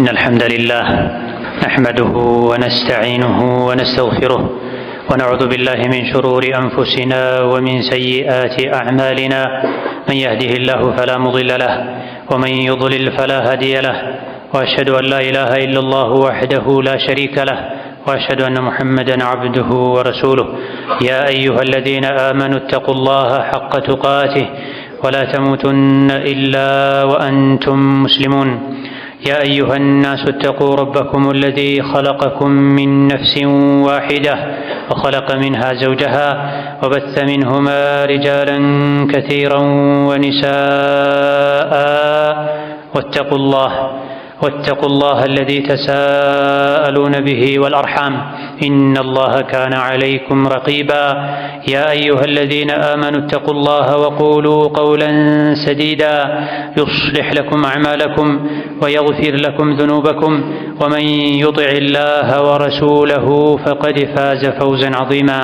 إن الحمد لله نحمده ونستعينه ونستغفره ونعوذ بالله من شرور أنفسنا ومن سيئات أعمالنا من يهده الله فلا مضل له ومن يضلل فلا هادي له وأشهد أن لا إله إلا الله وحده لا شريك له واشهد ان محمدا عبده ورسوله يا ايها الذين امنوا اتقوا الله حق تقاته ولا تموتن الا وانتم مسلمون يا ايها الناس اتقوا ربكم الذي خلقكم من نفس واحده وخلق منها زوجها وبث منهما رجالا كثيرا ونساء واتقوا الله واتقوا الله الذي تساءلون به والارحام إن الله كان عليكم رقيبا يا أيها الذين آمنوا اتقوا الله وقولوا قولا سديدا يصلح لكم أعمالكم ويغفر لكم ذنوبكم ومن يطع الله ورسوله فقد فاز فوزا عظيما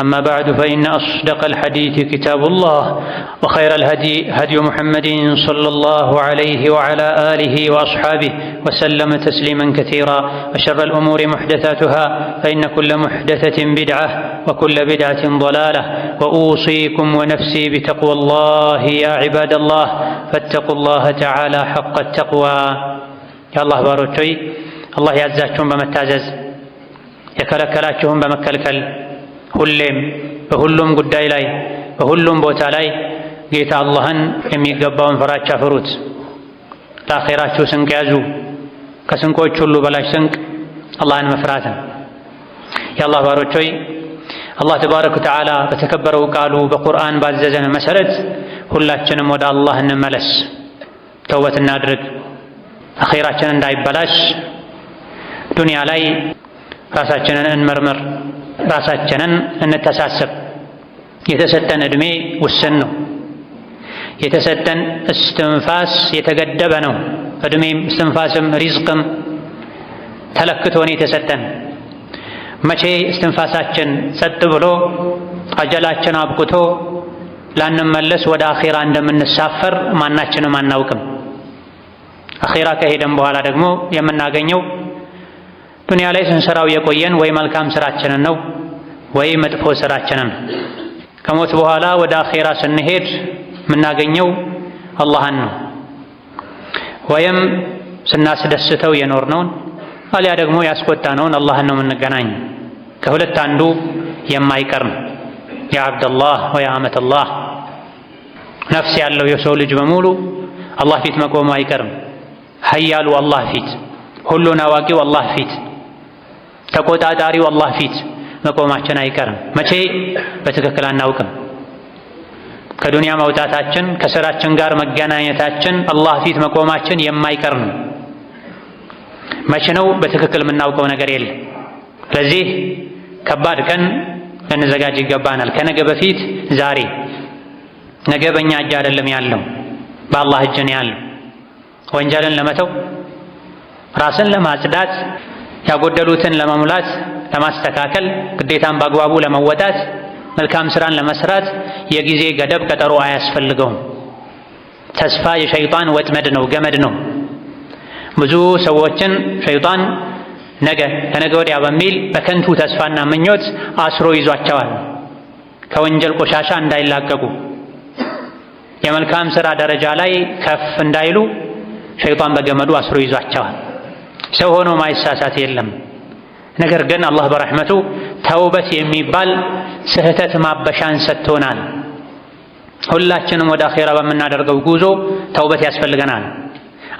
أما بعد فإن أصدق الحديث كتاب الله وخير الهدي هدي محمد صلى الله عليه وعلى آله وأصحابه وسلم تسليما كثيرا وشر الأمور محدثاتها فإن فإن كل محدثة بدعة وكل بدعة ضلالة وأوصيكم ونفسي بتقوى الله يا عباد الله فاتقوا الله تعالى حق التقوى يا الله باروتي الله يعزاكم بمتازز يكلكلاتهم بمكلكل هلم بهلم قد إلي بهلم بوت علي قيت اللهن إم يقبون فراتشا فروت تاخيراتشو سنكازو كسنكو تشلو بلاش سنك الله أن مفراتن የአላህ ባሮች ሆይ አላህ ተባረክ ወተዓላ በተከበረው ቃሉ በቁርአን ባዘዘን መሰረት ሁላችንም ወደ አላህ እንመለስ፣ ተውበት እናድርግ፣ አኼራችን እንዳይበላሽ ዱንያ ላይ ራሳችንን እንመርምር፣ ራሳችንን እንተሳሰብ። የተሰጠን ዕድሜ ውስን ነው። የተሰጠን እስትንፋስ የተገደበ ነው። ዕድሜም እስትንፋስም ሪዝቅም ተለክቶ ነው የተሰጠን። መቼ እስትንፋሳችን ጸጥ ብሎ አጀላችን አብቅቶ ላንመለስ ወደ አኼራ እንደምንሳፈር ማናችንም አናውቅም። አኼራ ከሄደን በኋላ ደግሞ የምናገኘው ዱንያ ላይ ስንሰራው የቆየን ወይ መልካም ስራችንን ነው ወይ መጥፎ ስራችንን። ከሞት በኋላ ወደ አኼራ ስንሄድ የምናገኘው አላህን ነው ወይም ስናስደስተው የኖርነውን አሊያ ደግሞ ያስቆጣነውን አላህን ነው የምንገናኝ። ከሁለት አንዱ የማይቀር ነው። ያ አብደላህ ወያ አመተላህ ነፍስ ያለው የሰው ልጅ በሙሉ አላህ ፊት መቆሙ አይቀርም። ሀያሉ አላህ ፊት፣ ሁሉን አዋቂው አላህ ፊት፣ ተቆጣጣሪው አላህ ፊት መቆማችን አይቀርም። መቼ በትክክል አናውቅም። ከዱንያ መውጣታችን ከስራችን ጋር መገናኘታችን አላህ ፊት መቆማችን የማይቀር ነው። መቼ ነው በትክክል የምናውቀው ነገር የለ ስለዚህ ከባድ ቀን ልንዘጋጅ ይገባናል። ከነገ በፊት ዛሬ። ነገ በእኛ እጅ አይደለም ያለው፣ በአላህ እጅ ነው ያለው። ወንጀልን ለመተው ራስን ለማጽዳት ያጎደሉትን ለመሙላት ለማስተካከል ግዴታን በአግባቡ ለመወጣት መልካም ስራን ለመስራት የጊዜ ገደብ ቀጠሮ አያስፈልገውም። ተስፋ የሸይጣን ወጥመድ ነው፣ ገመድ ነው። ብዙ ሰዎችን ሸይጣን ነገ ከነገ ወዲያ በሚል በከንቱ ተስፋና ምኞት አስሮ ይዟቸዋል። ከወንጀል ቆሻሻ እንዳይላቀቁ የመልካም ስራ ደረጃ ላይ ከፍ እንዳይሉ ሸይጣን በገመዱ አስሮ ይዟቸዋል። ሰው ሆኖ ማይሳሳት የለም። ነገር ግን አላህ በረሕመቱ ተውበት የሚባል ስህተት ማበሻን ሰጥቶናል። ሁላችንም ወደ አኼራ በምናደርገው ጉዞ ተውበት ያስፈልገናል።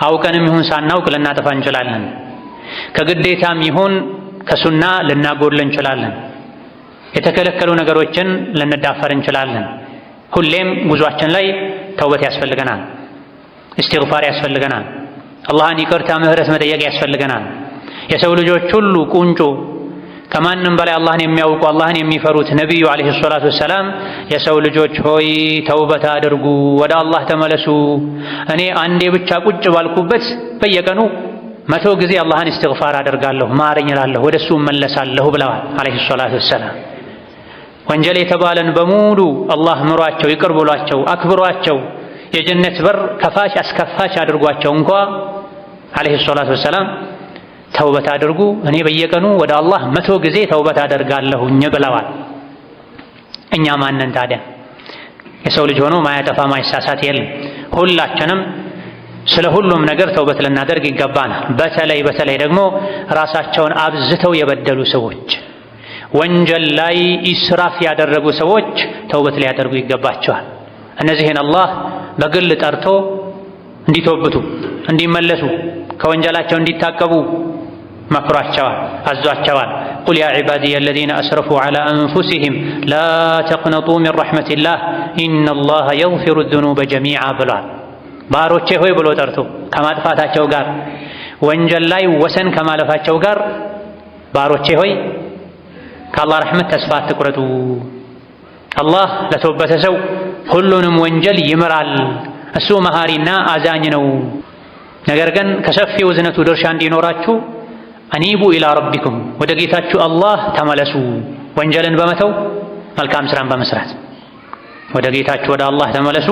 አውቀንም ይሁን ሳናውቅ ልናጠፋ እንችላለን። ከግዴታም ይሁን ከሱና ልናጎል እንችላለን። የተከለከሉ ነገሮችን ልንዳፈር እንችላለን። ሁሌም ጉዟችን ላይ ተውበት ያስፈልገናል፣ እስትግፋር ያስፈልገናል፣ አላህን ይቅርታ ምህረት መጠየቅ ያስፈልገናል። የሰው ልጆች ሁሉ ቁንጮ ከማንም በላይ አላህን የሚያውቁ አላህን የሚፈሩት ነቢዩ ዓለይሂ ሰላቱ ወሰላም የሰው ልጆች ሆይ ተውበት አድርጉ፣ ወደ አላህ ተመለሱ። እኔ አንዴ ብቻ ቁጭ ባልኩበት በየቀኑ መቶ ጊዜ አላህን እስትግፋር አደርጋለሁ፣ ማረኝ እላለሁ፣ ወደ እሱ እመለሳለሁ ብለዋል ዓለይሂ ሰላቱ ወሰላም። ወንጀል የተባለን በሙሉ አላህ ምሯቸው፣ ይቅር ብሏቸው፣ አክብሯቸው፣ የጀነት በር ከፋች አስከፋች አድርጓቸው እንኳ ዓለይሂ ሰላቱ ወሰላም ተውበት አድርጉ። እኔ በየቀኑ ወደ አላህ መቶ ጊዜ ተውበት አደርጋለሁኝ ብለዋል። እኛ ማንን ታዲያ? የሰው ልጅ ሆኖ ማያጠፋ ማይሳሳት የለም። ሁላችንም ስለ ሁሉም ነገር ተውበት ልናደርግ ይገባናል። በተለይ በተለይ ደግሞ ራሳቸውን አብዝተው የበደሉ ሰዎች፣ ወንጀል ላይ ኢስራፍ ያደረጉ ሰዎች ተውበት ሊያደርጉ ይገባቸዋል። እነዚህን አላህ በግል ጠርቶ እንዲተወብቱ እንዲመለሱ፣ ከወንጀላቸው እንዲታቀቡ መክሯቸዋል፣ አዟቸዋል። ቁል ያ ዒባድየ አለዚነ አስረፉ ዐላ አንፉሲሂም ላ ተቅነጡ ሚን ረሕመቲላህ ኢነላሃ የግፊሩ ዙኑበ ጀሚዓ ብሏል። ባሮቼ ሆይ ብሎ ጠርቶ ከማጥፋታቸው ጋር ወንጀል ላይ ወሰን ከማለፋቸው ጋር ባሮቼ ሆይ ከአላህ ረሕመት ተስፋ አትቁረጡ፣ አላህ ለተወበተ ሰው ሁሉንም ወንጀል ይምራል፣ እሱ መሃሪና አዛኝ ነው። ነገር ግን ከሰፊው እዝነቱ ድርሻ እንዲኖራችሁ አኒቡ ኢላ ረቢኩም ወደ ጌታችሁ አላህ ተመለሱ፣ ወንጀልን በመተው መልካም ስራን በመስራት ወደ ጌታችሁ ወደ አላህ ተመለሱ።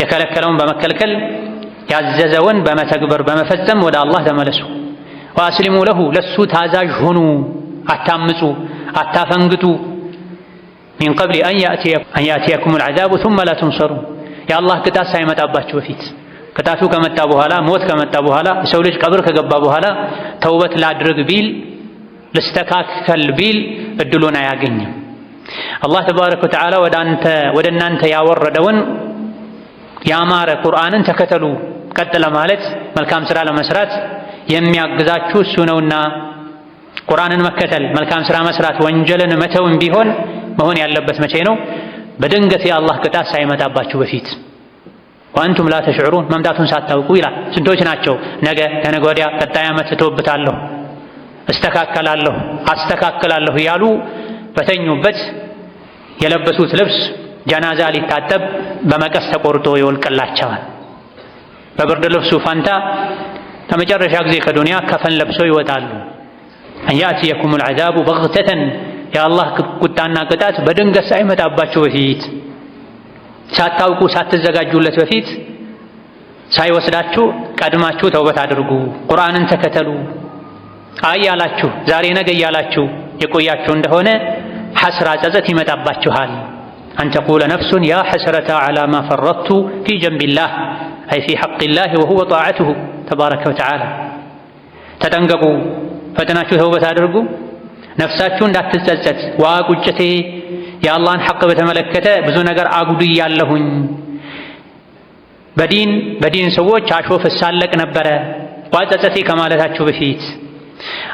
የከለከለውን በመከልከል ያዘዘውን በመተግበር በመፈጸም ወደ አላህ ተመለሱ። ወአስሊሙ ለሁ ለሱ ታዛዥ ሁኑ፣ አታምፁ፣ አታፈንግጡ። ሚን ቀብሊ አን ያእትየኩም አልዓዛቡ ሱመ ላ ቱንሰሩ የአላህ ቅጣት ሳይመጣባችሁ በፊት ቅጣቱ ከመጣ በኋላ ሞት ከመጣ በኋላ የሰው ልጅ ቀብር ከገባ በኋላ ተውበት ላድርግ ቢል ልስተካከል ቢል እድሉን አያገኝም። አላህ ተባረከ ወተዓላ ወደ አንተ ወደ እናንተ ያወረደውን ያማረ ቁርአንን ተከተሉ ቀጥ ለማለት መልካም ስራ ለመስራት የሚያግዛችሁ እሱ ነውና ቁርአንን መከተል መልካም ስራ መስራት ወንጀልን መተውን ቢሆን መሆን ያለበት መቼ ነው? በድንገት የአላህ ቅጣት ሳይመጣባችሁ በፊት ወአንቱም ላ ተሽዕሩን መምጣቱን ሳታውቁ ይላል። ስንቶች ናቸው ነገ ከነገ ወዲያ ቀጣይ ዓመት እተውብታለሁ፣ እስተካከላለሁ፣ አስተካክላለሁ እያሉ በተኙበት የለበሱት ልብስ ጀናዛ ሊታጠብ በመቀስ ተቆርጦ ይወልቅላቸዋል። በብርድ ልብሱ ፋንታ ለመጨረሻ ጊዜ ከዱንያ ከፈን ለብሰው ይወጣሉ። አንያእትየኩም አልዓዛቡ በግተተን የአላህ ቁጣና ቅጣት በድንገት ሳይመጣባቸው በፊት ሳታውቁ ሳትዘጋጁለት በፊት ሳይወስዳችሁ ቀድማችሁ ተውበት አድርጉ፣ ቁርአንን ተከተሉ። አይ ያላችሁ ዛሬ ነገ እያላችሁ የቆያችሁ እንደሆነ ሐስራ ጸጸት ይመጣባችኋል። አንተቁለ ነፍሱን ያ ሐስረታ ዐላ ማ ፈረጥቱ ፊ ጀንቢላህ አይ ፊ ሐቅላህ ወሁወ ጣዓቱሁ ተባረከ ወተዓላ። ተጠንቀቁ፣ ፈጥናችሁ ተውበት አድርጉ፣ ነፍሳችሁ እንዳትጸጸት ዋ ቁጭቴ የአላህን ሐቅ በተመለከተ ብዙ ነገር አጉድያለሁኝ። በዲን በዲን ሰዎች አሾፍ እሳለቅ ነበረ ዋጸጸቴ ከማለታችሁ በፊት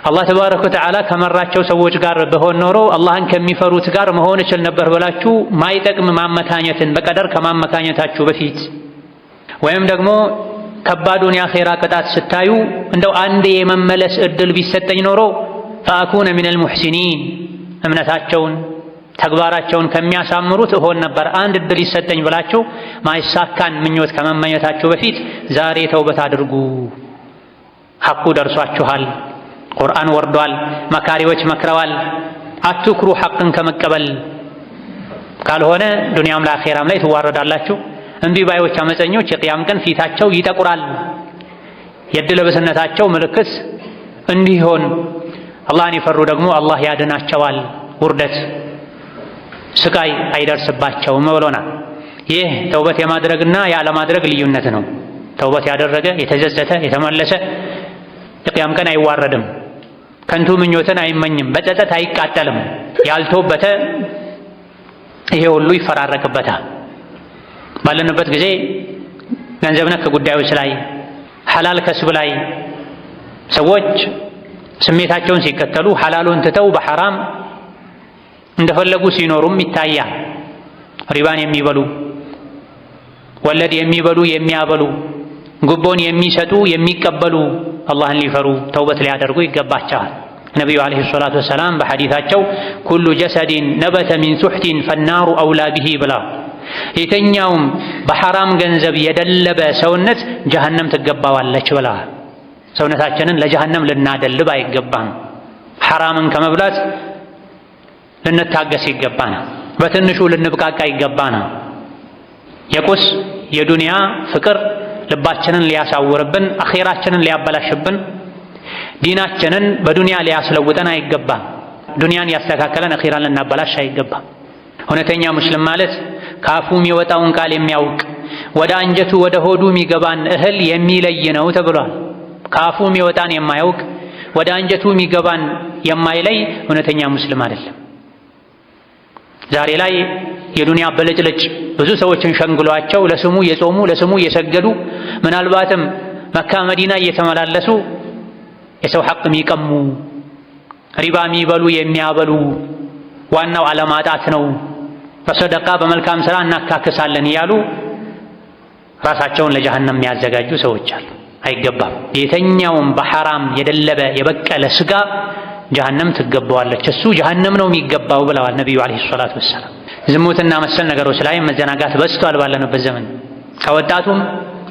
አላህ ተባረከ ወተዓላ ከመራቸው ሰዎች ጋር በሆን ኖሮ አላህን ከሚፈሩት ጋር መሆን እችል ነበር ብላችሁ ማይጠቅም ማመካኘትን በቀደር ከማመካኘታችሁ በፊት ወይም ደግሞ ከባዱን የአኼራ ቅጣት ስታዩ እንደው አንድ የመመለስ እድል ቢሰጠኝ ኖሮ ፈአኩነ ሚነል ሙሕሲኒን እምነታቸውን ተግባራቸውን ከሚያሳምሩት እሆን ነበር አንድ እድል ይሰጠኝ ብላችሁ ማይሳካን ምኞት ከመመኘታችሁ በፊት ዛሬ ተውበት አድርጉ። ሐቁ ደርሷችኋል። ቁርአን ወርዷል። መካሪዎች መክረዋል። አትኩሩ ሐቅን ከመቀበል ካልሆነ ዱንያም ለአኼራም ላይ ትዋረዳላችሁ። እምቢ ባዮች አመፀኞች የቅያም ቀን ፊታቸው ይጠቁራል። የድለብስነታቸው ምልክት እንዲሆን አላህን የፈሩ ደግሞ አላህ ያድናቸዋል ውርደት ስቃይ አይደርስባቸውም ብሎናል። ይህ ተውበት የማድረግና ያለማድረግ ልዩነት ነው። ተውበት ያደረገ የተዘዘተ የተመለሰ የቅያም ቀን አይዋረድም። ከንቱ ምኞትን አይመኝም፣ በጸጸት አይቃጠልም። ያልተውበተ ይሄ ሁሉ ይፈራረቅበታል። ባለንበት ጊዜ ገንዘብ ነክ ጉዳዮች ላይ ሐላል ከስብ ላይ ሰዎች ስሜታቸውን ሲከተሉ ሐላሉን ትተው በሐራም እንደፈለጉ ሲኖሩም ይታያል። ሪባን የሚበሉ ወለድ የሚበሉ የሚያበሉ፣ ጉቦን የሚሰጡ የሚቀበሉ አላህን ሊፈሩ ተውበት ሊያደርጉ ይገባቸዋል። ነቢዩ ዓለይሂ ሰላቱ ወሰላም በሐዲታቸው ኩሉ ጀሰዲን ነበተ ሚን ሱሕቲን ፈናሩ አውላ ቢሂ ብላ የተኛውም በሐራም ገንዘብ የደለበ ሰውነት ጀሀነም ትገባዋለች ብላ ሰውነታችንን ለጀሀነም ልናደልብ አይገባም። ሐራምን ከመብላት ልንታገስ ይገባና በትንሹ ልንብቃቃ ይገባና የቁስ የዱንያ ፍቅር ልባችንን ሊያሳውርብን፣ አኼራችንን ሊያበላሽብን፣ ዲናችንን በዱንያ ሊያስለውጠን አይገባ። ዱንያን ያስተካከለን አኼራን ልናበላሽ አይገባ። እውነተኛ ሙስሊም ማለት ከአፉ የሚወጣውን ቃል የሚያውቅ ወደ አንጀቱ ወደ ሆዱ የሚገባን እህል የሚለይ ነው ተብሏል። ከአፉ የሚወጣን የማያውቅ ወደ አንጀቱ የሚገባን የማይለይ እውነተኛ ሙስሊም አይደለም። ዛሬ ላይ የዱንያ በለጭለጭ ብዙ ሰዎችን ሸንግሏቸው ለስሙ የጾሙ ለስሙ የሰገዱ ምናልባትም መካ መዲና እየተመላለሱ የሰው ሐቅ የሚቀሙ ሪባ የሚበሉ የሚያበሉ ዋናው አለማጣት ነው፣ በሰደቃ በመልካም ሥራ እናካክሳለን እያሉ ራሳቸውን ለጀሀነም የሚያዘጋጁ ሰዎች አሉ። አይገባም። የተኛውም በሐራም የደለበ የበቀለ ስጋ። ጀሀነም ትገባዋለች፣ እሱ ጀሀነም ነው የሚገባው ብለዋል ነቢዩ ዓለይሂ ሰላቱ ወሰላም። ዝሙትና መሰል ነገሮች ላይ መዘናጋት በዝቷል ባለንበት ዘመን። ከወጣቱም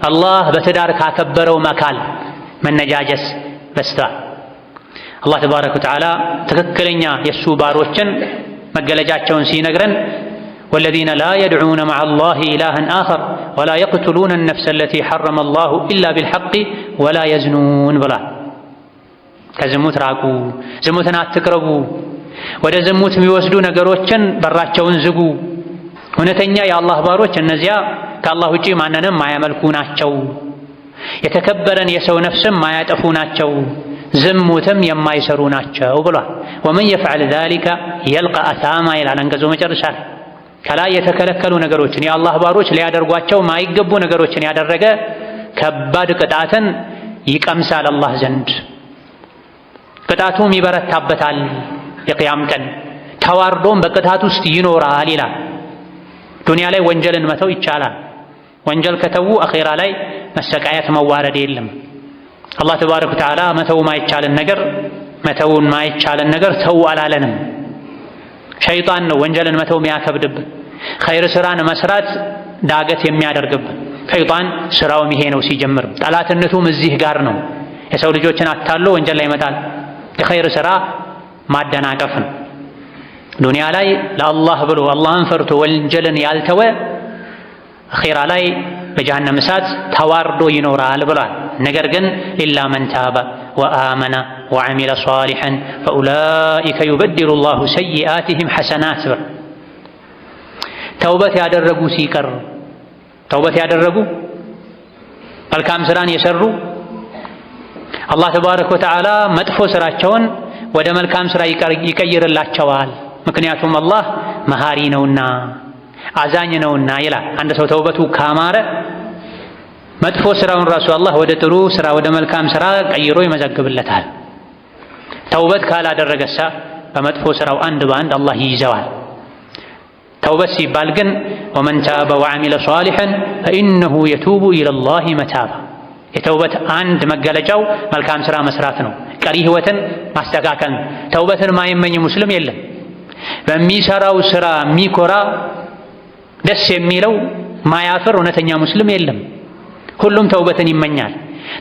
አላህ በትዳር ካከበረው መካል መነጃጀስ በዝቷል። አላህ ተባረከ ወተዓላ ትክክለኛ የእሱ ባሮችን መገለጫቸውን ሲነግረን ወለዚነ ላ የድዑነ መዓ አላሂ ኢላሃን አኸር ወላ የቅትሉነ ነፍሰ አለቲ ሐረመ አላሁ ኢላ ቢልሐቂ ወላ የዝኑን ብሏል። ከዝሙት ራቁ፣ ዝሙትን አትቅረቡ፣ ወደ ዝሙት የሚወስዱ ነገሮችን በራቸውን ዝጉ። እውነተኛ የአላህ ባሮች እነዚያ ከአላህ ውጪ ማንንም ማያመልኩ ናቸው። የተከበረን የሰው ነፍስም ማያጠፉ ናቸው። ዝሙትም የማይሰሩ ናቸው ብሏል። ወመን የፍዐል ዛሊከ የልቃ አሳማ ይላል አንቀጹ መጨረሻ ከላይ የተከለከሉ ነገሮችን የአላህ ባሮች ሊያደርጓቸው ማይገቡ ነገሮችን ያደረገ ከባድ ቅጣትን ይቀምሳል አላህ ዘንድ ቅጣቱም ይበረታበታል። የቅያም ቀን ተዋርዶም በቅጣት ውስጥ ይኖራል ይላል። ዱንያ ላይ ወንጀልን መተው ይቻላል። ወንጀል ከተዉ አኼራ ላይ መሰቃየት መዋረድ የለም። አላህ ተባረከ ወተዓላ መተው ማይቻልን ነገር መተውን ማይቻልን ነገር ተው አላለንም። ሸይጣን ነው ወንጀልን መተው የሚያከብድብን፣ ኸይር ስራን መስራት ዳገት የሚያደርግብን። ሸይጣን ስራውም ይሄ ነው ሲጀምር፣ ጠላትነቱም እዚህ ጋር ነው። የሰው ልጆችን አታሎ ወንጀል ላይ ይመጣል። የኸይር ሥራ ማደናቀፍ ነው። ዱንያ ላይ ለአላህ ብሎ አላህን ፈርቶ ወንጀልን ያልተወ አኺራ ላይ በጀሃነም እሳት ተዋርዶ ይኖራል ብሏል። ነገር ግን ኢላ መን ታበ ወአመነ ወዐሚለ ሷሊሐን ፈኡላኢከ ዩበድሉ ላሁ ሰይአትህም ሐሰናት ብሏል። ተውበት ያደረጉ ሲቀር ተውበት ያደረጉ መልካም ሥራን የሠሩ አላህ ተባረከ ወተዓላ መጥፎ ስራቸውን ወደ መልካም ስራ ይቀይርላቸዋል። ምክንያቱም አላህ መሃሪ ነውና አዛኝ ነውና ይላል። አንድ ሰው ተውበቱ ካማረ መጥፎ ስራውን ራሱ አላህ ወደ ጥሩ ስራ ወደ መልካም ስራ ቀይሮ ይመዘግብለታል። ተውበት ካላደረገሳ በመጥፎ ስራው አንድ በአንድ አላህ ይይዘዋል። ተውበት ሲባል ግን ወመን ታበ ወዐሚለ ሷሊሐን ፈኢነሁ የቱቡ ኢለላሂ መታባ የተውበት አንድ መገለጫው መልካም ስራ መስራት ነው። ቀሪ ህይወትን ማስተካከል ነው። ተውበትን ማይመኝ ሙስልም የለም። በሚሰራው ስራ የሚኮራ ደስ የሚለው ማያፍር እውነተኛ ሙስልም የለም። ሁሉም ተውበትን ይመኛል።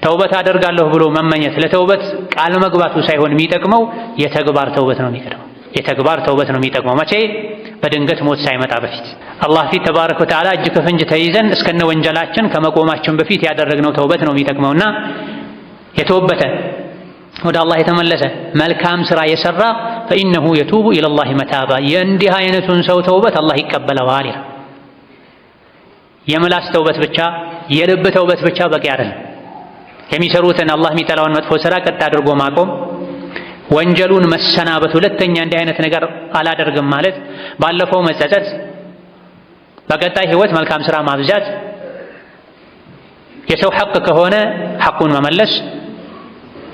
ተውበት አደርጋለሁ ብሎ መመኘት ለተውበት ቃል መግባቱ ሳይሆን የሚጠቅመው የተግባር ተውበት ነው የሚቀድመው። የተግባር ተውበት ነው የሚጠቅመው መቼ? በድንገት ሞት ሳይመጣ በፊት አላህ ፊት ተባረከ ወተዓላ እጅ ከፍንጅ ተይዘን እስከነ ወንጀላችን ከመቆማችን በፊት ያደረግነው ተውበት ነው የሚጠቅመውና የተወበተ ወደ አላህ የተመለሰ መልካም ስራ የሰራ ፈኢነሁ የቱቡ ኢለላህ መታባ የእንዲህ አይነቱን ሰው ተውበት አላህ ይቀበለዋል። የምላስ ተውበት ብቻ የልብ ተውበት ብቻ በቂ አይደለም። የሚሰሩትን አላህ የሚጠላውን መጥፎ ስራ ቀጥ አድርጎ ማቆም ወንጀሉን መሰናበት፣ ሁለተኛ እንዲህ አይነት ነገር አላደርግም ማለት ባለፈው መጸጸት በቀጣይ ህይወት መልካም ስራ ማብዛት፣ የሰው ሐቅ ከሆነ ሐቁን መመለስ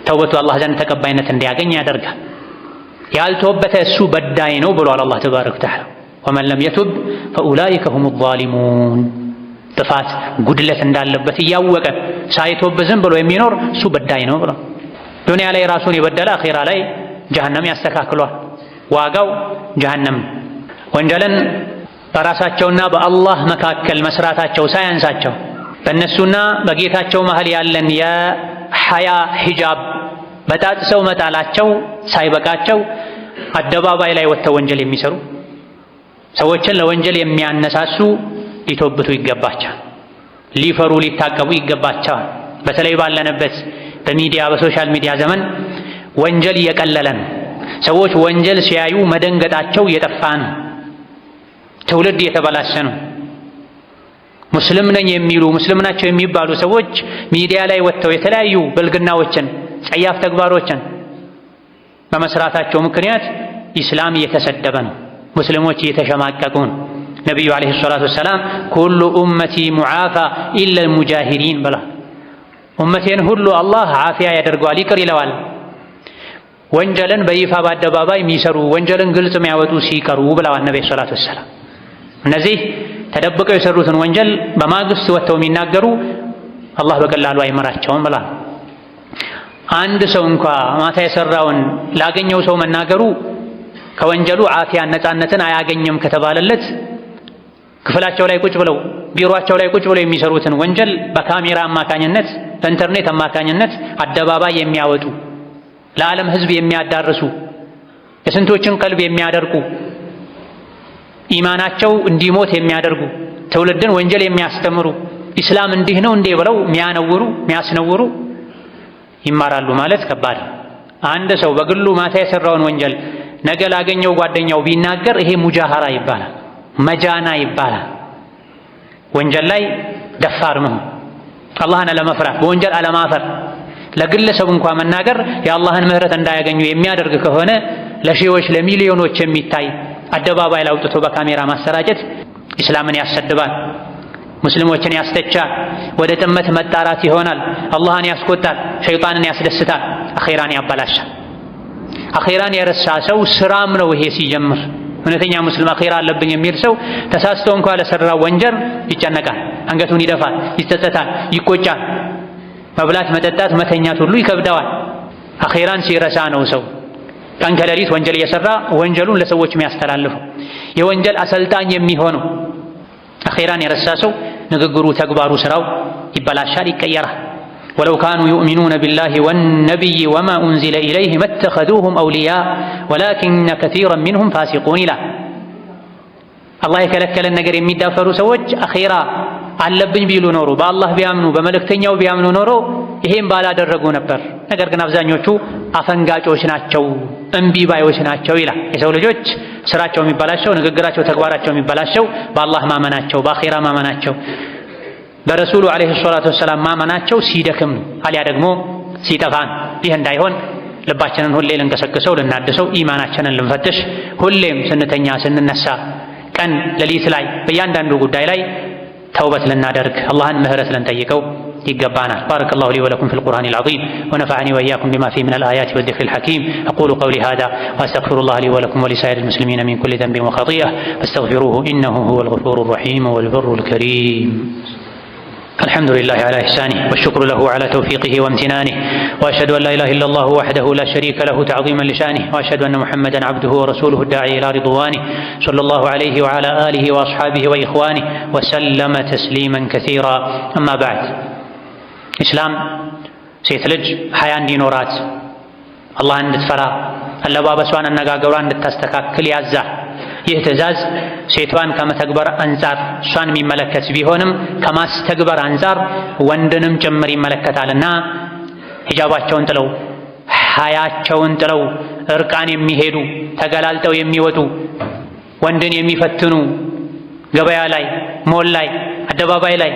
ተውበቱ አላህ ዘንድ ተቀባይነት እንዲያገኝ ያደርጋል። ያልተወበተ እሱ በዳይ ነው ብሏል አላህ ተባረከ ወተዓላ። ወመን ለም የቱብ ፈኡላኢከ ሁሙ ዛሊሙን። ጥፋት ጉድለት እንዳለበት እያወቀ ሳይተውብ ዝም ብሎ የሚኖር እሱ በዳይ ነው ብሏል። ዱንያ ላይ ራሱን የበደለ አኼራ ላይ ጀሀነም ያስተካክሏል። ዋጋው ጀሀነም ወንጀልን በራሳቸውና በአላህ መካከል መስራታቸው ሳያንሳቸው በእነሱና በጌታቸው መሃል ያለን የሐያ ሂጃብ በጣጥሰው መጣላቸው ሳይበቃቸው አደባባይ ላይ ወጥተው ወንጀል የሚሰሩ ሰዎችን ለወንጀል የሚያነሳሱ ሊቶብቱ ይገባቸዋል። ሊፈሩ ሊታቀቡ ይገባቸዋል። በተለይ ባለንበት በሚዲያ በሶሻል ሚዲያ ዘመን ወንጀል እየቀለለ ነው። ሰዎች ወንጀል ሲያዩ መደንገጣቸው እየጠፋ ነው። ትውልድ እየተበላሸ ነው። ሙስሊም ነኝ የሚሉ ሙስሊም ናቸው የሚባሉ ሰዎች ሚዲያ ላይ ወጥተው የተለያዩ ብልግናዎችን፣ ጸያፍ ተግባሮችን በመስራታቸው ምክንያት ኢስላም እየተሰደበ ነው። ሙስሊሞች እየተሸማቀቁ ነው። ነቢዩ ዓለይሂ ሰላቱ ወሰላም ኩሉ ኡመቲ ሙዓፋ ኢለል ሙጃሂሪን ብላ ኡመቴን ሁሉ አላህ ዓፊያ ያደርገዋል፣ ይቅር ይለዋል። ወንጀልን በይፋ በአደባባይ የሚሰሩ ወንጀልን ግልጽ የሚያወጡ ሲቀሩ ብለዋል ነቢ ሰላቱ ወሰላም እነዚህ ተደብቀው የሰሩትን ወንጀል በማግስት ወጥተው የሚናገሩ አላህ በቀላሉ አይመራቸውም ብላ አንድ ሰው እንኳ ማታ የሰራውን ላገኘው ሰው መናገሩ ከወንጀሉ አፊያን ነፃነትን አያገኝም ከተባለለት ክፍላቸው ላይ ቁጭ ብለው ቢሮአቸው ላይ ቁጭ ብለው የሚሰሩትን ወንጀል በካሜራ አማካኝነት በኢንተርኔት አማካኝነት አደባባይ የሚያወጡ ለዓለም ሕዝብ የሚያዳርሱ የስንቶችን ቀልብ የሚያደርቁ ኢማናቸው እንዲሞት የሚያደርጉ ትውልድን ወንጀል የሚያስተምሩ ኢስላም እንዲህ ነው እንዴ ብለው የሚያነውሩ የሚያስነውሩ ይማራሉ ማለት ከባድ። አንድ ሰው በግሉ ማታ የሰራውን ወንጀል ነገ ላገኘው ጓደኛው ቢናገር ይሄ ሙጃሃራ ይባላል፣ መጃና ይባላል። ወንጀል ላይ ደፋር መሆን፣ አላህን አለመፍራት፣ በወንጀል አለማፈር፣ ለግለሰብ እንኳ መናገር የአላህን ምህረት እንዳያገኙ የሚያደርግ ከሆነ ለሺዎች ለሚሊዮኖች የሚታይ አደባባይ ላይ አውጥቶ በካሜራ ማሰራጨት ኢስላምን ያሰድባል፣ ሙስሊሞችን ያስተቻል፣ ወደ ጥመት መጣራት ይሆናል፣ አላህን ያስቆጣል፣ ሸይጣንን ያስደስታል፣ አኼራን ያባላሻል። አኼራን የረሳ ሰው ስራም ነው ይሄ ሲጀምር። እውነተኛ ሙስሊም አኼራ አለብኝ የሚል ሰው ተሳስቶ እንኳ ለሰራው ወንጀር ይጨነቃል፣ አንገቱን ይደፋል፣ ይጸጸታል፣ ይቆጫል። መብላት፣ መጠጣት፣ መተኛት ሁሉ ይከብደዋል። አኼራን ሲረሳ ነው ሰው ቀን ከሌሊት ወንጀል እየሰራ ወንጀሉን ለሰዎች የሚያስተላልፉ የወንጀል አሰልጣኝ የሚሆኑ አኼራን የረሳ ሰው ንግግሩ፣ ተግባሩ፣ ስራው ይበላሻል፣ ይቀየራል። ወለው ካኑ ዩእሚኑነ ቢላሂ ወነቢይ ወማ ኡንዚለ ኢለይህ መተኸዙሁም አውልያ ወላኪነ ከሲረን ሚንሁም ፋሲቁን ይላል። አላህ የከለከለን ነገር የሚዳፈሩ ሰዎች አኼራ አለብኝ ቢሉ ኖሮ በአላህ ቢያምኑ በመልእክተኛው ቢያምኑ ኖሮ ይሄም ባላደረጉ ነበር። ነገር ግን አብዛኞቹ አፈንጋጮች ናቸው፣ እምቢባዮች ናቸው ይላል። የሰው ልጆች ስራቸው የሚበላሸው፣ ንግግራቸው፣ ተግባራቸው የሚበላሸው በአላህ ማመናቸው፣ በአኼራ ማመናቸው፣ በረሱሉ ዓለይሂ ሰላቱ ወሰላም ማመናቸው ሲደክም አሊያ ደግሞ ሲጠፋን ይህ እንዳይሆን ልባችንን ሁሌ ልንቀሰቅሰው፣ ልናድሰው፣ ኢማናችንን ልንፈትሽ ሁሌም ስንተኛ፣ ስንነሳ፣ ቀን ሌሊት ላይ በእያንዳንዱ ጉዳይ ላይ ተውበት ልናደርግ አላህን ምህረት ልንጠይቀው ይገባናል። ባረከ ላሁ ሊ ወለኩም ፊ ልቁርአን ልዓዚም ወነፈዐኒ ወኢያኩም ቢማ ፊህ ምን አልአያት ወዚክር ልሐኪም አቁሉ ቀውሊ ሃዛ ወአስተግፊሩ ላህ ሊ ወለኩም ወሊሳኢር ልሙስሊሚን ሚን ኩሊ ዘንቢን ወኸጢአ ፈስተግፊሩሁ ኢነሁ ሁወ ልገፉሩ ርሒም ወልበሩ ልከሪም الحمد لله على إحسانه والشكر له على توفيقه وامتنانه وأشهد أن لا إله إلا الله وحده لا شريك له تعظيما لشانه وأشهد أن محمدا عبده ورسوله الداعي إلى رضوانه صلى الله عليه وعلى آله وأصحابه وإخوانه وسلم تسليما كثيرا أما بعد إسلام الله ሴትልጅ ሀያ እንዲኖራት አላህ እንድትፈራ አለባበሷን አነጋገሯን كل يعزه ይህ ትዕዛዝ ሴቷን ከመተግበር አንጻር እሷን የሚመለከት ቢሆንም ከማስተግበር አንጻር ወንድንም ጭምር ይመለከታልና ሂጃባቸውን ጥለው ሀያቸውን ጥለው እርቃን የሚሄዱ ተገላልጠው የሚወጡ ወንድን የሚፈትኑ ገበያ ላይ፣ ሞል ላይ፣ አደባባይ ላይ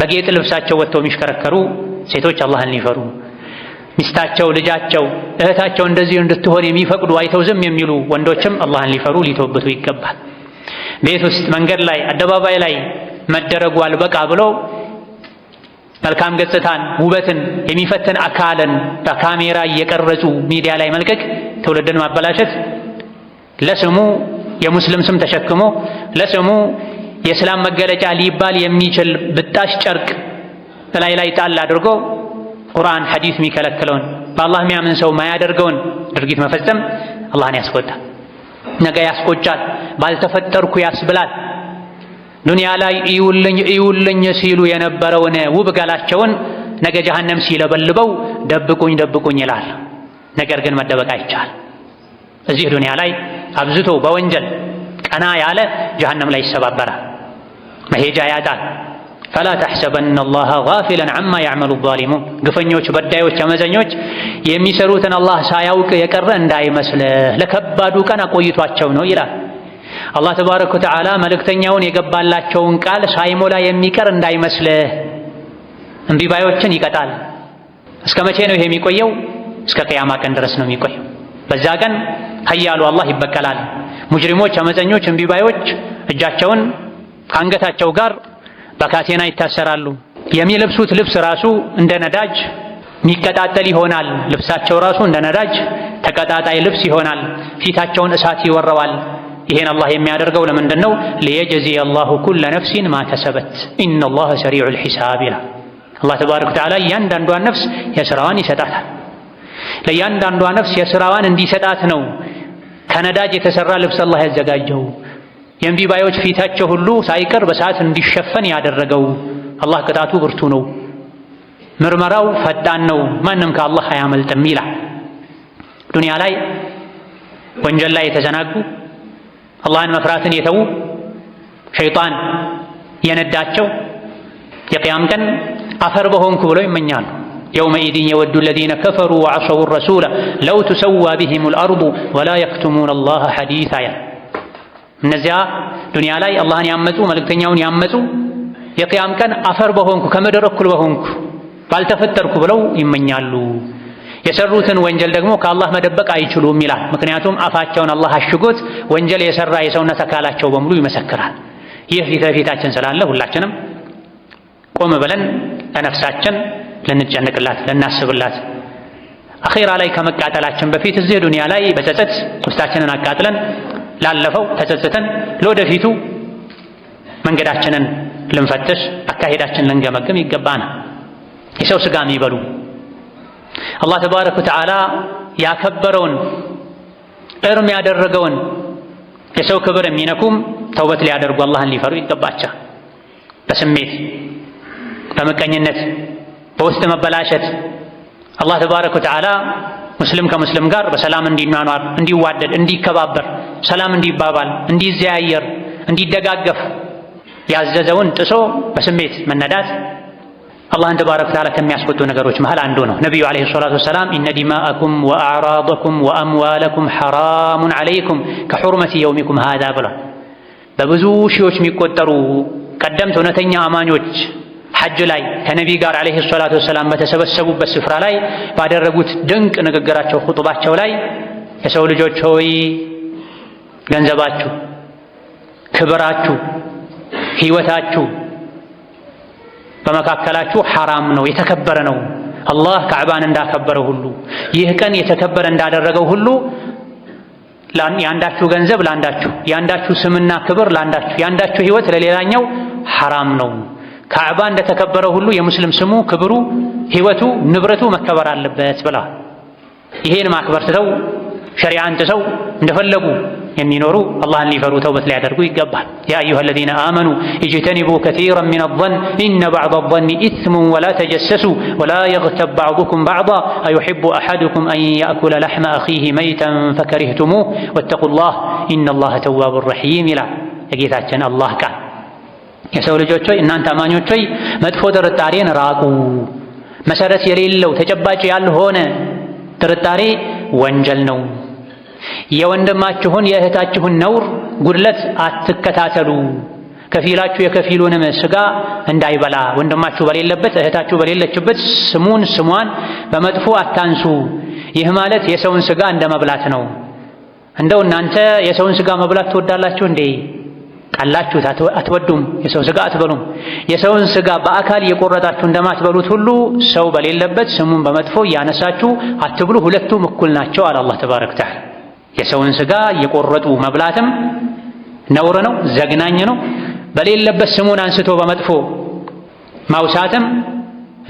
በጌጥ ልብሳቸው ወጥተው የሚሽከረከሩ ሴቶች አላህን ሊፈሩ ሚስታቸው፣ ልጃቸው፣ እህታቸው እንደዚህ እንድትሆን የሚፈቅዱ አይተው ዝም የሚሉ ወንዶችም አላህን ሊፈሩ ሊተወብቱ ይገባል። ቤት ውስጥ፣ መንገድ ላይ፣ አደባባይ ላይ መደረጉ አልበቃ ብሎ መልካም ገጽታን፣ ውበትን የሚፈትን አካልን በካሜራ እየቀረጹ ሚዲያ ላይ መልቀቅ ትውልድን ማበላሸት ለስሙ የሙስሊም ስም ተሸክሞ ለስሙ የእስላም መገለጫ ሊባል የሚችል ብጣሽ ጨርቅ ላይ ላይ ጣል አድርጎ ቁርአን ሐዲስ የሚከለክለውን በአላህ የሚያምን ሰው ማያደርገውን ድርጊት መፈጸም አላህን ያስቆጣል፣ ነገ ያስቆጫል፣ ባልተፈጠርኩ ያስብላል። ዱንያ ላይ እዩልኝ እዩልኝ ሲሉ የነበረውን ውብ ገላቸውን ነገ ጀሃነም ሲለበልበው ደብቁኝ ደብቁኝ ይላል። ነገር ግን መደበቅ አይቻል። እዚህ ዱንያ ላይ አብዝቶ በወንጀል ቀና ያለ ጀሃነም ላይ ይሰባበራል፣ መሄጃ ያጣል። ፈላ ተሕሰበና አላህ ጋፊለን ዐማ ያዕመሉ ዛሊሙን። ግፈኞች፣ በዳዮች፣ አመፀኞች የሚሰሩትን አላህ ሳያውቅ የቀረ እንዳይመስልህ ለከባዱ ቀን አቆይቷቸው ነው ይላል። አላህ ተባረከ ወተዓላ መልእክተኛውን የገባላቸውን ቃል ሳይሞላ የሚቀር እንዳይመስልህ። እምቢ ባዮችን ይቀጣል። እስከ መቼ ነው ይሄ የሚቆየው? እስከ ቅያማ ቀን ድረስ ነው የሚቆየው። በዛ ቀን ኃያሉ አላህ ይበቀላል። ሙጅሪሞች፣ አመፀኞች፣ እምቢ ባዮች እጃቸውን ከአንገታቸው ጋር በካቴና ይታሰራሉ። የሚለብሱት ልብስ ራሱ እንደ ነዳጅ የሚቀጣጠል ይሆናል። ልብሳቸው ራሱ እንደ ነዳጅ ተቀጣጣይ ልብስ ይሆናል። ፊታቸውን እሳት ይወረዋል። ይሄን አላህ የሚያደርገው ለምንድን ነው? ሊየጀዚየ አላሁ ኩለ ነፍሲን ማከሰበት ኢነላህ ሰሪዑል ሒሳብ ይላል። አላህ ተባረከ ወተዓላ እያንዳንዷን ነፍስ የስራዋን ይሰጣታል። ለእያንዳንዷ ነፍስ የስራዋን እንዲሰጣት ነው ከነዳጅ የተሰራ ልብስ አላህ ያዘጋጀው። የእምቢ ባዮች ፊታቸው ሁሉ ሳይቀር በሰዓት እንዲሸፈን ያደረገው አላህ ቅጣቱ ብርቱ ነው፣ ምርመራው ፈጣን ነው፣ ማንም ከአላህ አያመልጥም ይላል። ዱንያ ላይ ወንጀል ላይ የተዘናጉ አላህን መፍራትን የተዉ ሸይጣን የነዳቸው የቅያም ቀን አፈር በሆንኩ ብለው ይመኛሉ። የውመኢድን የወዱ አለዚነ ከፈሩ ወዐሰው ረሱለ ለው ቱሰዋ ቢሂሙል አርዱ ወላ የክቱሙነ አላህ ሐዲሳ እነዚያ ዱንያ ላይ አላህን ያመፁ መልእክተኛውን ያመፁ የቅያም ቀን አፈር በሆንኩ ከምድር እኩል በሆንኩ ባልተፈጠርኩ ብለው ይመኛሉ። የሰሩትን ወንጀል ደግሞ ከአላህ መደበቅ አይችሉም ይላል። ምክንያቱም አፋቸውን አላህ አሽጎት ወንጀል የሰራ የሰውነት አካላቸው በሙሉ ይመሰክራል። ይህ ፊት ለፊታችን ስላለ ሁላችንም ቆም ብለን ለነፍሳችን ልንጨንቅላት፣ ልናስብላት አኼራ ላይ ከመቃጠላችን በፊት እዚህ ዱንያ ላይ በጸጸት ውስጣችንን አቃጥለን ላለፈው ተጸጽተን ለወደፊቱ መንገዳችንን ልንፈትሽ አካሄዳችንን ልንገመግም ይገባና የሰው ስጋ የሚበሉ አላህ ተባረከ ወተዓላ ያከበረውን እርም ያደረገውን የሰው ክብር የሚነኩም ተውበት ሊያደርጉ አላህን ሊፈሩ ይገባቸዋል። በስሜት በምቀኝነት በውስጥ መበላሸት አላህ ተባረከ ወተዓላ ሙስሊም ከሙስሊም ጋር በሰላም እንዲኗኗር፣ እንዲዋደድ፣ እንዲከባበር ሰላም እንዲባባል፣ እንዲዘያየር፣ እንዲደጋገፍ ያዘዘውን ጥሶ በስሜት መነዳት አላህን ተባረከ ወተዓላ ከሚያስቆጡ ነገሮች መሃል አንዱ ነው። ነቢዩ ዓለይሂ ሰላቱ ወሰላም ኢነ ዲማአኩም ወአዕራደኩም ወአምዋለኩም ሐራሙን ዓለይኩም ከሑርመቲ የውሚኩም ሃዛ ብሏል። በብዙ ሺዎች የሚቆጠሩ ቀደምት እውነተኛ አማኞች ሐጅ ላይ ከነቢ ጋር ዓለይሂ ሰላቱ ወሰላም በተሰበሰቡበት ስፍራ ላይ ባደረጉት ድንቅ ንግግራቸው፣ ኹጥባቸው ላይ የሰው ልጆች ሆይ ገንዘባችሁ፣ ክብራችሁ፣ ህይወታችሁ በመካከላችሁ ሐራም ነው፣ የተከበረ ነው። አላህ ካዕባን እንዳከበረ ሁሉ ይህ ቀን የተከበረ እንዳደረገው ሁሉ የአንዳችሁ ገንዘብ ለአንዳችሁ፣ የአንዳችሁ ስምና ክብር ለአንዳችሁ፣ የአንዳችሁ ህይወት ለሌላኛው ሐራም ነው። ካዕባ እንደተከበረ ሁሉ የሙስሊም ስሙ፣ ክብሩ፣ ህይወቱ፣ ንብረቱ መከበር አለበት ብላ ይሄን ማክበር ትተው ሸሪዓን ጥሰው እንደፈለጉ የሚኖሩ አላህን ሊፈሩ ተውበት ሊያደርጉ ይገባል። ያ አዩሃ አለዚነ አመኑ ኢጅተኒቡ ከሲረን ሚነ ዞን ኢነ ባዕድ ዞን ኢስሙን ወላ ተጀሰሱ ወላ የግተብ ባዕዱኩም ባዕዳ አዩሕቡ አሐድኩም አን ያእኩለ ላሕመ አኺህ መይተን ፈከሪህቱሙህ ወተቁላህ ኢነላህ ተዋቡ ረሒም ይላል የጌታችን አላህ ቃል። የሰው ልጆች ሆይ እናንተ አማኞች ሆይ መጥፎ ጥርጣሬን ራቁ። መሰረት የሌለው ተጨባጭ ያልሆነ ጥርጣሬ ወንጀል ነው። የወንድማችሁን የእህታችሁን ነውር ጉድለት አትከታተሉ፣ ከፊላችሁ የከፊሉንም ስጋ እንዳይበላ። ወንድማችሁ በሌለበት እህታችሁ በሌለችበት ስሙን ስሟን በመጥፎ አታንሱ። ይህ ማለት የሰውን ስጋ እንደመብላት ነው። እንደው እናንተ የሰውን ስጋ መብላት ትወዳላችሁ እንዴ? ቃላችሁ አትወዱም። የሰው ስጋ አትበሉም። የሰውን ስጋ በአካል እየቆረጣችሁ እንደማትበሉት ሁሉ ሰው በሌለበት ስሙን በመጥፎ እያነሳችሁ አትብሉ። ሁለቱም እኩል ናቸው አለ አላህ ተባረከ የሰውን ስጋ እየቆረጡ መብላትም ነውር ነው፣ ዘግናኝ ነው። በሌለበት ስሙን አንስቶ በመጥፎ ማውሳትም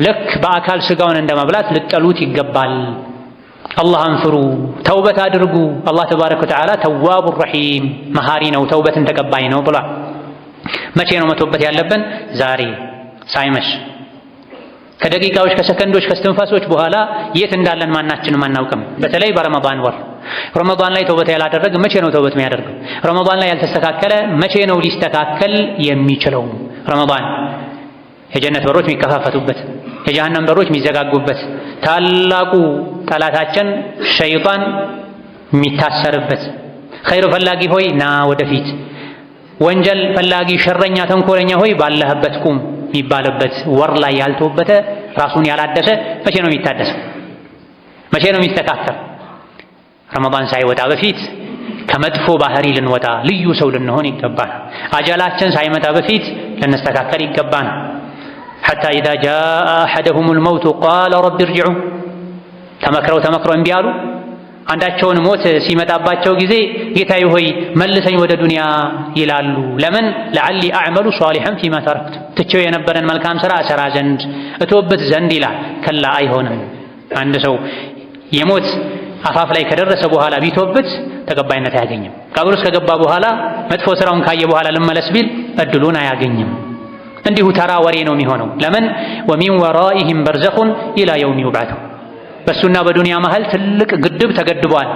ልክ በአካል ስጋውን እንደ መብላት ልጠሉት ይገባል። አላህን ፍሩ፣ ተውበት አድርጉ። አላህ ተባረከ ወተዓላ ተዋቡ ረሒም መሃሪ ነው፣ ተውበትን ተቀባይ ነው ብሏል። መቼ ነው መቶበት ያለብን? ዛሬ ሳይመሽ ከደቂቃዎች ከሰከንዶች ከስትንፋሶች በኋላ የት እንዳለን ማናችንም አናውቅም። በተለይ በረመዳን ወር ረመዳን ላይ ተውበት ያላደረግ መቼ ነው ተውበት የሚያደርገው? ረመዳን ላይ ያልተስተካከለ መቼ ነው ሊስተካከል የሚችለው? ረመዳን የጀነት በሮች የሚከፋፈቱበት፣ የጀሃነም በሮች የሚዘጋጉበት፣ ታላቁ ጠላታችን ሸይጣን የሚታሰርበት፣ ኸይር ፈላጊ ሆይ ና ወደፊት ወንጀል ፈላጊ ሸረኛ ተንኮለኛ ሆይ ባለህበት ቁም የሚባልበት ወር ላይ ያልተወበተ ራሱን ያላደሰ መቼ ነው የሚታደሰው? መቼ ነው የሚስተካከል? ረመዳን ሳይወጣ በፊት ከመጥፎ ባህሪ ልንወጣ ልዩ ሰው ልንሆን ይገባል። አጀላችን ሳይመጣ በፊት ልንስተካከል ይገባል። ሐታ ኢዛ ጃአ አሐደሁሙል መውቱ ቃለ ረቢ እርጅዑ ተመክረው ተመክረው እምቢ አሉ። አንዳቸውን ሞት ሲመጣባቸው ጊዜ ጌታዬ ሆይ መልሰኝ ወደ ዱንያ ይላሉ። ለምን ለዓሊ አዕመሉ ሷሊሐን ፊማ ተረክቱ ትቼው የነበረን መልካም ሥራ እሰራ ዘንድ እቶበት ዘንድ ይላል። ከላ አይሆንም። አንድ ሰው የሞት አፋፍ ላይ ከደረሰ በኋላ ቢቶበት ተቀባይነት አያገኝም። ቀብር ውስጥ ከገባ በኋላ መጥፎ ሥራውን ካየ በኋላ ልመለስ ቢል እድሉን አያገኝም። እንዲሁ ተራ ወሬ ነው የሚሆነው። ለምን ወሚን ወራኢህም በርዘኹን ኢላ የውም ይውብዓቱ በሱና በዱንያ መሃል ትልቅ ግድብ ተገድቧል።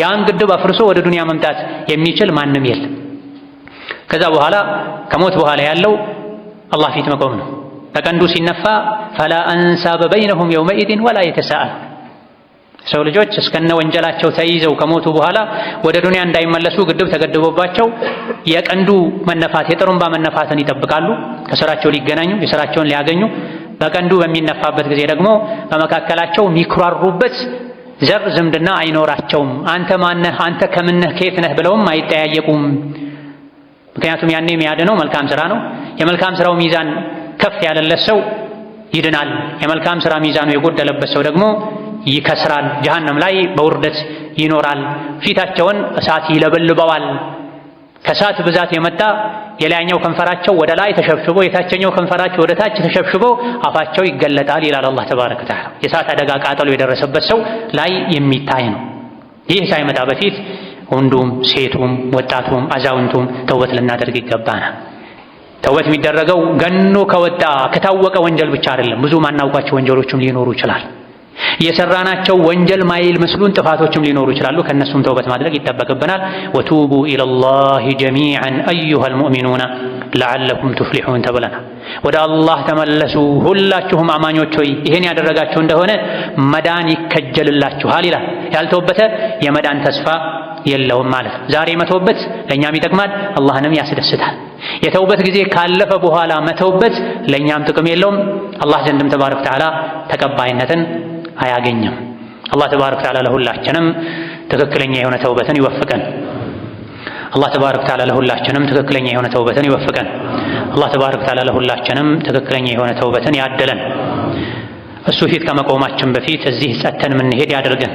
ያን ግድብ አፍርሶ ወደ ዱንያ መምጣት የሚችል ማንም የለም። ከዛ በኋላ ከሞት በኋላ ያለው አላህ ፊት መቆም ነው። በቀንዱ ሲነፋ ፈላ አንሳበ በይነሁም የውመኢዝን ወላ የተሳአል ሰው ልጆች እስከነ ወንጀላቸው ተይዘው ከሞቱ በኋላ ወደ ዱንያ እንዳይመለሱ ግድብ ተገድቦባቸው የቀንዱ መነፋት የጥሩምባ መነፋትን ይጠብቃሉ። ከስራቸው ሊገናኙ የስራቸውን ሊያገኙ በቀንዱ በሚነፋበት ጊዜ ደግሞ በመካከላቸው የሚኩራሩበት ዘር ዝምድና አይኖራቸውም። አንተ ማነህ፣ አንተ ከምነህ፣ ከየት ነህ ብለውም አይጠያየቁም። ምክንያቱም ያኔ የሚያድነው መልካም ስራ ነው። የመልካም ስራው ሚዛን ከፍ ያለለት ሰው ይድናል። የመልካም ስራ ሚዛኑ የጎደለበት ሰው ደግሞ ይከስራል። ጀሃነም ላይ በውርደት ይኖራል። ፊታቸውን እሳት ይለበልበዋል። ከእሳት ብዛት የመጣ የላይኛው ከንፈራቸው ወደ ላይ ተሸብሽቦ የታችኛው ከንፈራቸው ወደ ታች ተሸብሽቦ አፋቸው ይገለጣል ይላል አላህ ተባረከ ወተዓላ። የእሳት አደጋ ቃጠሎ የደረሰበት ሰው ላይ የሚታይ ነው። ይህ ሳይመጣ በፊት ወንዱም፣ ሴቱም፣ ወጣቱም፣ አዛውንቱም ተውበት ልናደርግ ይገባናል። ተውበት የሚደረገው ገኖ ከወጣ ከታወቀ ወንጀል ብቻ አይደለም። ብዙ ማናውቃቸው ወንጀሎችም ሊኖሩ ይችላል። የሰራናቸው ወንጀል ማይል መስሉን ጥፋቶችም ሊኖሩ ይችላሉ። ከእነሱም ተውበት ማድረግ ይጠበቅብናል። ወቱቡ ኢለላሂ ጀሚዓን አዩሃል ሙእሚኑና ለዓለኩም ቱፍሊሑን ተብለናል። ወደ አላህ ተመለሱ ሁላችሁም አማኞች ሆይ ይህን ያደረጋችሁ እንደሆነ መዳን ይከጀልላችኋል ይላል። ያልተወበተ የመዳን ተስፋ የለውም ማለት ነው። ዛሬ መተውበት ለእኛም ይጠቅማል፣ አላህንም ያስደስታል። የተውበት ጊዜ ካለፈ በኋላ መተውበት ለእኛም ጥቅም የለውም፣ አላህ ዘንድም ተባረክ ተዓላ ተቀባይነትን አያገኝም። አላህ ተባረክ ወተዓላ ለሁላችንም ትክክለኛ የሆነ ተውበትን ይወፍቀን። አላህ ተባረክ ወተዓላ ለሁላችንም ትክክለኛ የሆነ ተውበትን ይወፍቀን። አላህ ተባረክ ወተዓላ ለሁላችንም ትክክለኛ የሆነ ተውበትን ያደለን። እሱ ፊት ከመቆማችን በፊት እዚህ ጸተን ምንሄድ ያደርገን።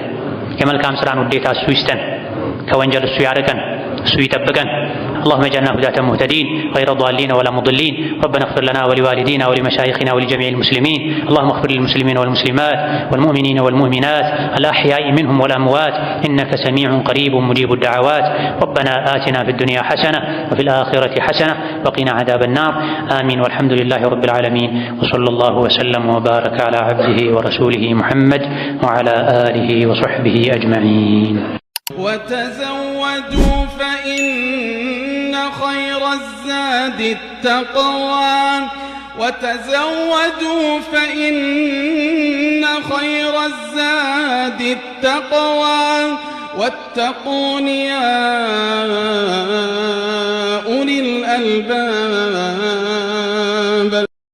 የመልካም ስራን ውዴታ እሱ ይስጠን። ከወንጀል እሱ ያርቀን። እሱ ይጠብቀን። اللهم اجعلنا هداة مهتدين غير ضالين ولا مضلين ربنا اغفر لنا ولوالدينا ولمشايخنا ولجميع المسلمين اللهم اغفر للمسلمين والمسلمات والمؤمنين والمؤمنات الأحياء منهم والأموات إنك سميع قريب مجيب الدعوات ربنا آتنا في الدنيا حسنة وفي الآخرة حسنة وقنا عذاب النار آمين والحمد لله رب العالمين وصلى الله وسلم وبارك على عبده ورسوله محمد وعلى آله وصحبه أجمعين وتزودوا فإن خير الزاد التقوى وتزودوا فإن خير الزاد التقوى واتقون يا أولي الألباب